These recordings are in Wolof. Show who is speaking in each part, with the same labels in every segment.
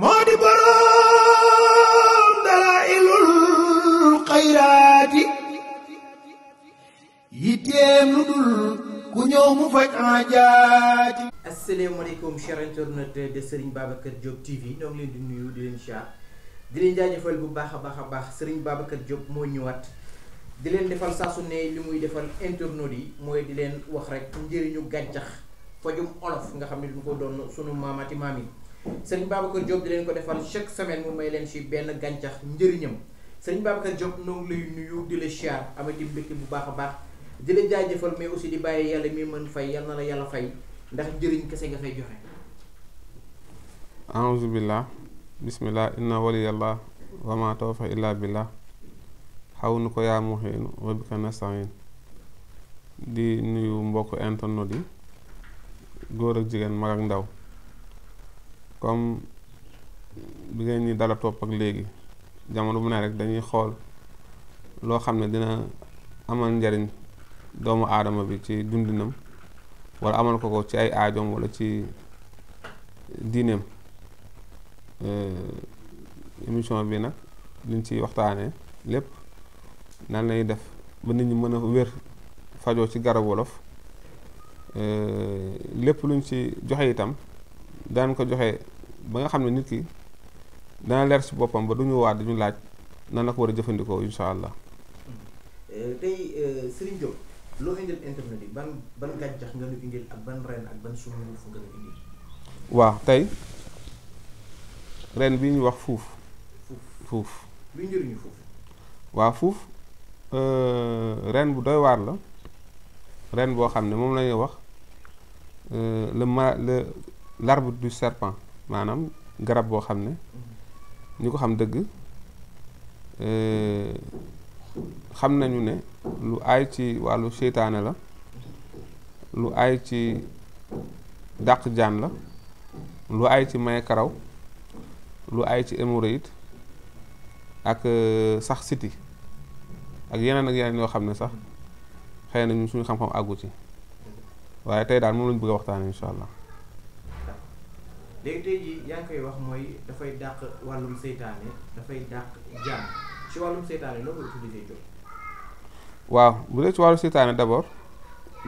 Speaker 1: moo di boroom dalailul xayraati yitteem lu dul ku ñëw mu faj aajaati asalaamaaleykum chers internautes de Serigne baabakër Diop TV ñoo leen di nuyu di leen siyaar di leen jaajëfal bu baax a baax a baax sëriñ baabakër Diop moo ñëwaat di leen defal saa su ne li muy defal internautes yi mooy di leen wax rek njëriñu gàncax fajum olof nga xam ne du ko doon sunu maamaati maam yi Serigne Babacar Diop di len ko defal chaque semaine mu may len ci ben gantax njëriñam Serigne Babacar Diop nong lay nuyu di le xiar amati mbekk bu baax a baax di le jaajëfal mais aussi di baye yalla mi fay yalla na yalla fay ndax njëriñ kesse nga fay joxe.
Speaker 2: billah bismillah inna waliyallah wa ma tawfa illa billah xaw nu ko wa bika nastain di nuyu mbokk internet yi góor ak jigen mag ak ndaw comme bi ngeen ñu dala topp ak léegi jamono bu naa rek dañuy xool loo xam ne dina amal njariñ doomu aadama bi ci dundinam wala amal ko ko ci ay aajoom wala ci diineem eh, émission bi nag liñ ciy waxtaanee lépp nan lay def ba nit ñi mën a wér fajoo ci garab wolof eh, lépp luñ ci joxe itam daan ko joxe ba nga xam ne nit ki dana leer si boppam ba du ñu waat dañu laaj nan la ko war a jëfandikoo incha allah.
Speaker 1: Euh, tey euh, Serigne Diop loo indil internet ban ban nga ñu indil ak ban ren ak ban sunguf nga ñu indil.
Speaker 2: waaw tey ren bi ñu wax fuuf. fuuf
Speaker 1: fuuf.
Speaker 2: waaw fuuf euh, ren bu doy waar la ren boo xam ne moom la ñuy wax le ma le l'arbre du serpent maanaam garab boo xam ne ñu ko xam dëgg euh, xam nañu ne lu aay ci wàllu seytaane la lu aay ci dàq jaan la lu aay ci maye karaw lu aay ci hémorroïde ak euh, sax siti ak yeneen ak yeneen yoo xam ne sax xëy na ñun suñu xam-xam àggu ci waaye tey daal moom lañu bëgg a waxtaane incha allah
Speaker 1: léegi tey jii yaa koy wax mooy dafay dàq wàllum seytaane dafay dàq jàmm ci wàllum seytaane noo ko utiliser jóg
Speaker 2: waaw bu dee ci wàllu seytaane d'abord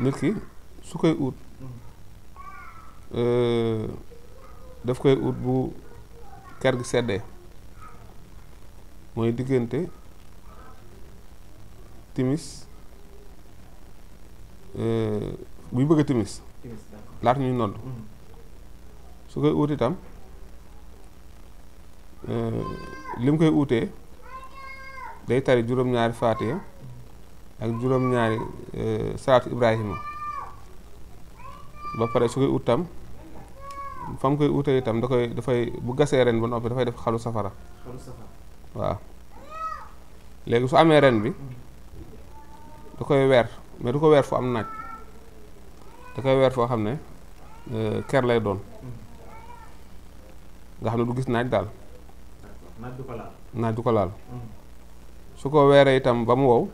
Speaker 2: nit ki su koy ut mm-hmm. euh, daf koy ut bu ker gi seddee mooy diggante timis euh, buy bëgg timis laata ñuy nodd mm-hmm. su koy uut itam euh, li mu koy uutee day tari juróom-ñaari faatiya ak juróom-ñaari euh, salaatu ibrahima ba pare su koy uut tam fa mu koy uutee itam da koy dafay bu gasee ren ba noppi dafay def xalu safara waaw léegi su amee ren bi da koy weer mais du ko weer fu am naaj da koy weer foo xam ne euh, ker lay doon mm-hmm. nga xam ne du gis naaj daal. naaj du ko laal. Mm. su ko weeree itam ba mu wow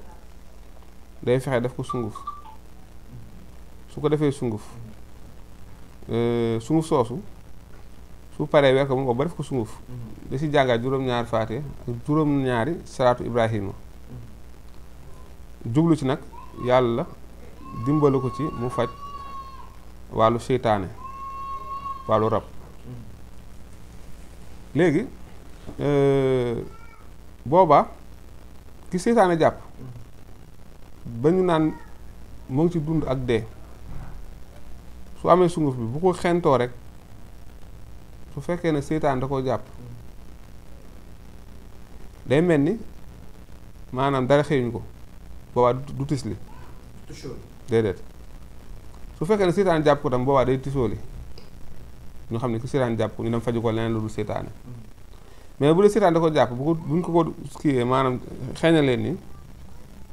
Speaker 2: day fexe def ko sunguf su ko defee sunguf mm. euh, sunguf soosu su paree weer ko mu wow ba def ko sunguf. Mm. da si jàngaat juróom-ñaari faate juróom-ñaari salaatu Ibrahima. jublu ci nag yàlla dimbali ko ci mu faj wàllu seytaane wàllu rab. léegi euh, booba ki seytaane jàpp ba ñu naan mu ngi ci dund ak dee su amee sunguf bi bu ko xentoo rek su fekkee ne seytaan da koo jàpp day mel ni maanaam dara xëyuñ ko boobaa du tisli déedéet su fekkee ne seytaan jàpp ko tam boobaa day tisooli ñu xam ne ki seetaan jàpp ñu dem faju ko leneen lu dul seetaane mais bu dee seetaan da ko jàpp bu ko buñ ko ko kiiyee maanaam xëy leen ni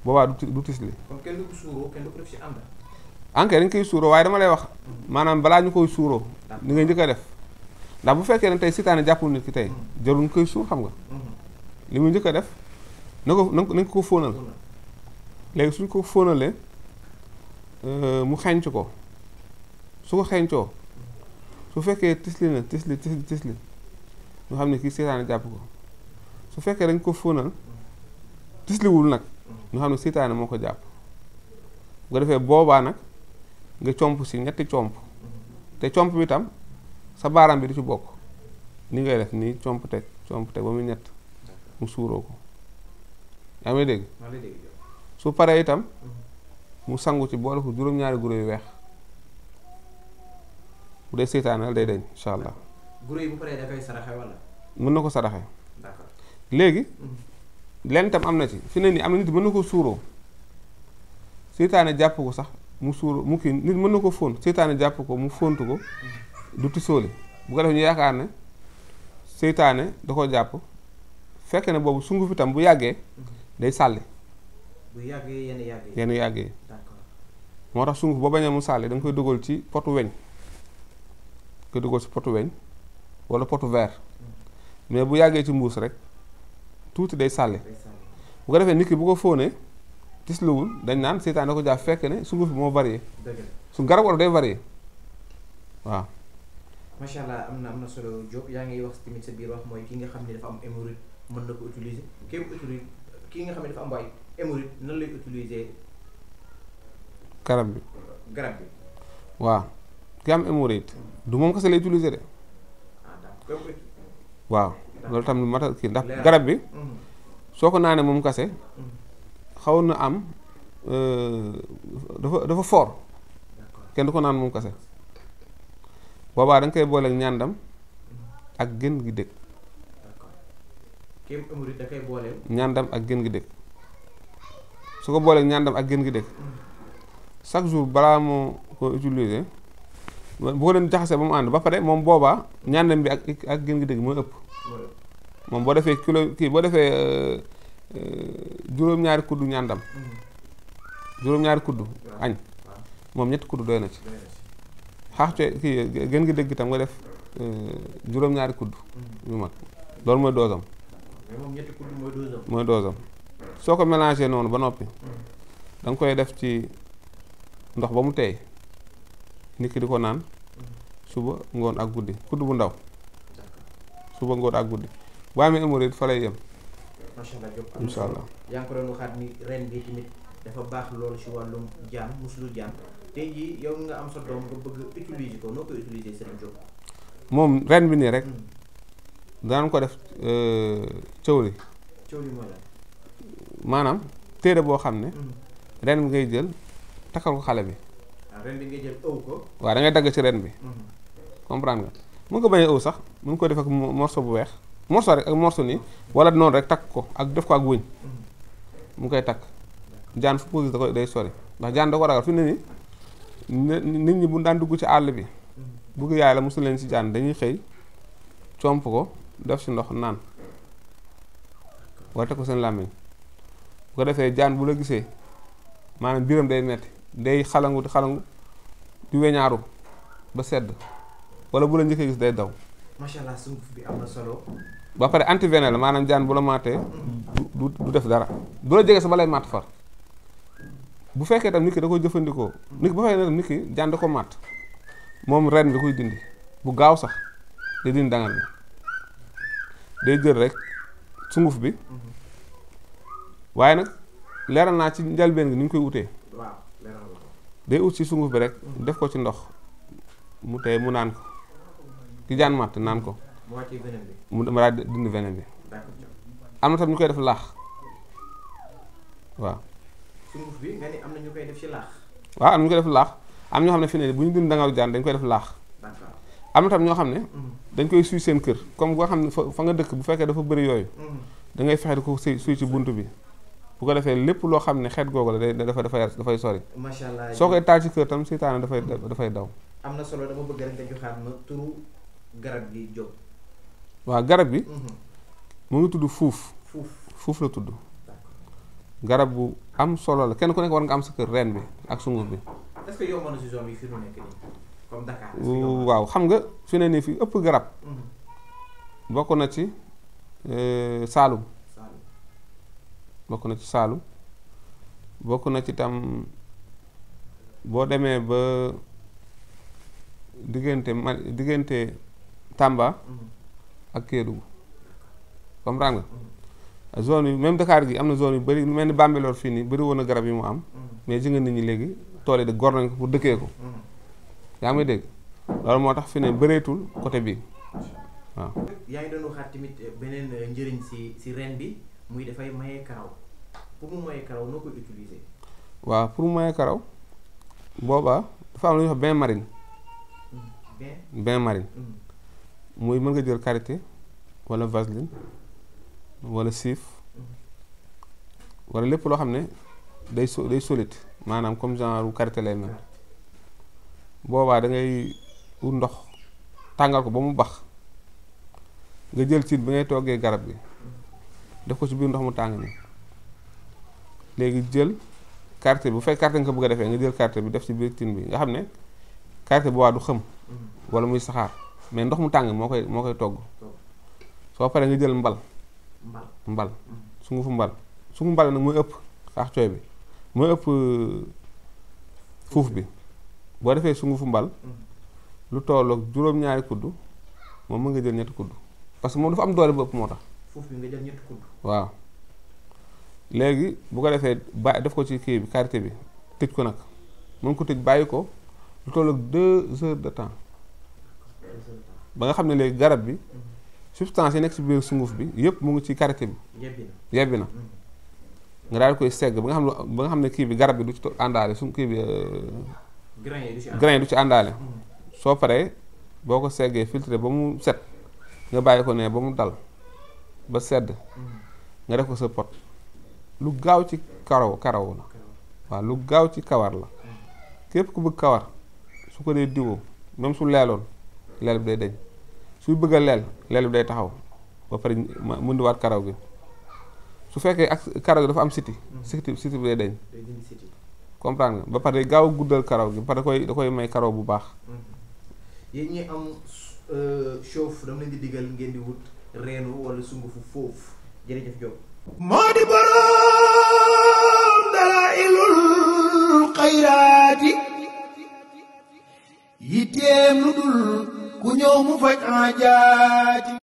Speaker 2: boobaa du du tis li.
Speaker 1: ko suuroo kenn
Speaker 2: dañ koy suuroo waaye dama lay wax maanaam balaa ñu koy suuroo. ni nga njëkk a def ndax bu fekkee ne tey seetaane jàppul nit ki tey mm-hmm. jarul koy suur xam nga. Mm-hmm. li muy njëkk a def na ko nañ ko ko fóonal. léegi suñ ko fóonalee euh, mu xeeñc ko su ko xeeñcoo. su fekkee tisli na tisli tisli tisli ñu xam ne kii seytaane jàpp ko su fekkee dañ ko fóonal tisliwul nag ñu xam ne seytaane moo ko jàpp bu ko defee boobaa nag nga comp si ñetti comp te comp bi sa baaraam bi du ci bokk ni ngay def nii comp teg comp ba muy ñett mu suuroo ko yaa dégg su paree itam mm-hmm. mu sangu ci boole ko juróom-ñaari guro yu weex bu dee seytaane la day deñ incha allah. bu rëy bu mën na ko saraxe. léegi. Mhm. lenn tam am na ci fi ne nii am na nit mën na ko suuroo seytaane jàpp ko sax mu suuroo mu kii nit mën na ko fóon seytaane jàpp ko mu fóontu ko mhm. du tisooli bu ko ñu yaakaar ne seytaane da ko jàpp fekk ne boobu sunguf itam bu yàggee mhm. day sàlli.
Speaker 1: bu yàggee yenn yàggee
Speaker 2: moo tax sunguf boo bañee mu sàlli da koy dugal ci potu weñ. koy dugal ci potu weñ wala potu verre mais bu yàggee ci mbuus rek tuuti day sàlle bu ko defee nit ki bu ko fóonee wul dañ naan seytaan da ko jàpp fekk ne sunguf bi moo varié su garab wala day varié waaw
Speaker 1: macha allah am na am na solo job yaa ngi wax tamit sa biir wax mooy ki nga xam ne dafa am hémorroïde mën na ko utiliser ki utiliser ki nga xam ne dafa am ay hémorroïde nan lay utiliser garab bi garab bi
Speaker 2: waaw ki am hémorroïde du moom kese lay utiliser de waaw loolu tam lu mat a kii ndax garab bi mhm. soo ko naanee moom kase mhm. xaw na am euh, dafa dafa fort kenn du ko naan moom kase boobaa da nga koy booleeg ñaandam ak gën gi dëkk ñaandam ak gën gi dëkk su ko booleeg ñaandam ak gën gi dëkk mhm. chaque jour balaa moo ko utiliser bu ko leen jaxasee ba mu ànd ba pare moom boobaa ñaanal bi ak ak gën gi dëgg mooy ëpp. moom boo defee kilo kii boo defee euh, juróom-ñaari kuddu ñàndam juróom-ñaari kuddu añ moom ñetti kuddu doy na ci xaax kii gën gi dëgg itam nga def euh, juróom-ñaari kuddu yu mag loolu mooy doosam mooy doosam soo ko mélangé noonu ba noppi mm. da koy def ci ndox ba mu teey nit ki di ko naan suba ngoon ak guddi kudd bu ndaw suba ngoon ak guddi bu amee hémorroïde fa lay yem
Speaker 1: macha allah Diop incha allah yaa ngi ko doon waxaat ni ren bi tamit dafa
Speaker 2: moom ren bi nii rek hmm. danañ ko def euh, cëwli cëwli mooy lan maanaam téere boo xam ne hmm. ren bi ngay jël takkal ko xale bi
Speaker 1: Ah, ren bi ko.
Speaker 2: waaw da ngay dagg ci ren bi. Mhm. comprendre nga mun ko bañ ëw sax mun ko def ak morso bu weex morceau rek ak morso ni wala noonu rek takk ko ak def ko ak wëñ mhm. mu koy takk jaan fu pose da day sori ndax jaan ko ne nit ñi bu daan dugg ci àll bi mhm. bugg yaay la leen ci jaan dañuy xëy comp ko def si ndox naan wala teg ko seen làmmiñ bu ko defee jaan bu la gisee maanaam biram day metti day xalangu di xalangu di weñaaru ba sedd wala bu la njëkkee gis day daw.
Speaker 1: macha allah bi am
Speaker 2: ba pare antivenin la maanaam jaan bu la maatee du def dara du la jege sa ba lay matt far bu fekkee tam nit da ko jëfandikoo. nit ki ba fekkee tam moom ren bi da koy dindi bu gaaw sax day dindi dangal bi day jël rek sunguf bi mhm. waaye nag leeral naa ci njalbeen gi ni ñu koy wutee. day ut si sunguf bi rek def ko ci ndox mu tey mu naan ko ki jaan matt naan ko mu dama daal dindi veneen bi am na tam koy def laax waaw
Speaker 1: sunguf bi nga ni am na ñu def ci laax
Speaker 2: na ñu ñoo xam ne fi bu ñu dund dangaw jaan dañ koy def laax am na tam ñoo xam ne mhm. dañ koy suy seen kër comme nga xam ne fa nga dëkk bu fekkee dafa bëri yooyu mhm. da ngay fexe di suy ci bunt bi bu ko defee lépp loo xam ne xeet googu la day dafa dafay dafay sori. macha allah soo koy taal ci kër tam seytaane dafay dafay daw.
Speaker 1: am na solo dama bëgg rek nga gi
Speaker 2: waaw garab bi. Mhm. ngi tudd fuuf. fuuf fuuf la bu am solo la kenn ku nekk war nga am sa kër reen bi ak sunguf bi. est-ce waaw xam nga fi ne nii fi ëpp garab. Mhm. bokk na ci euh, Saalum. bokk na ci Saalum bokk na ci tam boo demee ba diggante ma diggante Tamba mm-hmm. ak Kédougou comprendre nga zone yi même gi am na zone yu bëri lu mel ni Bambilor fii nii bariwoon na garab yi mu am mm-hmm. mais ji nga ñi léegi tool yi de gor nañ ko pour dëkkee ko mm-hmm. yaa ngi may dégg loolu moo tax fi ne bëreetul côté bii waaw
Speaker 1: yaa ngi doon waxaat si si ren muy dafay pour
Speaker 2: mu maye karaw boobaa dafa am lu ñuy wax bain marine.
Speaker 1: Hmm,
Speaker 2: bain marine. Hmm. muy mën nga jël karité wala vaseline wala siif hmm. walla lépp loo xam ne day so day solide maanaam comme genre karité lay mel boobaa dangay ngay ut ndox tàngal ko ba mu bax nga jël ciin bi ngay toggee garab gi. def ko ci biir ndox mu tàng ni léegi jël carte bi bu fekk carte nga ko bëgg a defee nga jël carte bi def ci biir tin bi nga xam ne carte bi waa du xëm wala muy saxaar mais ndox mu tàng moo koy moo koy togg soo paree nga jël mbal mbal mm-hmm. sungufu mbal sungu mbal nag mooy ëpp xaax cooy bi mooy ëpp euh, fuuf bi boo defee sungufu mbal mm-hmm. lu tolloog juróom-ñaari kuddu moom mën nga jël ñetti kudd parce que moom dafa am doole bu ëpp moo tax
Speaker 1: foofu bi nga
Speaker 2: waaw léegi bu ko defee ba def ko ci kii bi karité bi tëj ko nag mën ko tëj bàyyi ko lu toll ak deux heures de temps ba nga xam ne léegi garab bi mhm. substance yi nekk si biir sunguf bi yëpp mu ngi ci karité bi. yebbi na mhm. nga daal koy segg ba nga xam ne ba xam ne kii bi garab bi du ci àndaale su kii bi. Euh, grain yi du ci àndaale mhm. soo paree boo ko seggee filtré ba mu set nga bàyyi ko ne ba mu dal. ba sedd nga def ko sa pot lu gaaw ci karaw karaw la waaw lu gaaw ci kawar la képp ku bëgg kawar su ko dee diwoo même su leeloon leel bi day deñ suy bëgg a leel leel bi day taxaw ba pare mën di waat karaw gi su fekkee ak karaw gi dafa am siti siti siti bi day deñ comprendre nga ba pare day gaaw guddal karaw gi ba pare da koy da koy may karaw bu baax
Speaker 1: yéen ñi am euh, chauffe dama leen di digal ngeen di wut reenu wala sungufu foofu jërëjëf Diop moo di boroom dalailul xayraati yitteem lu dul ku ñëw mu faj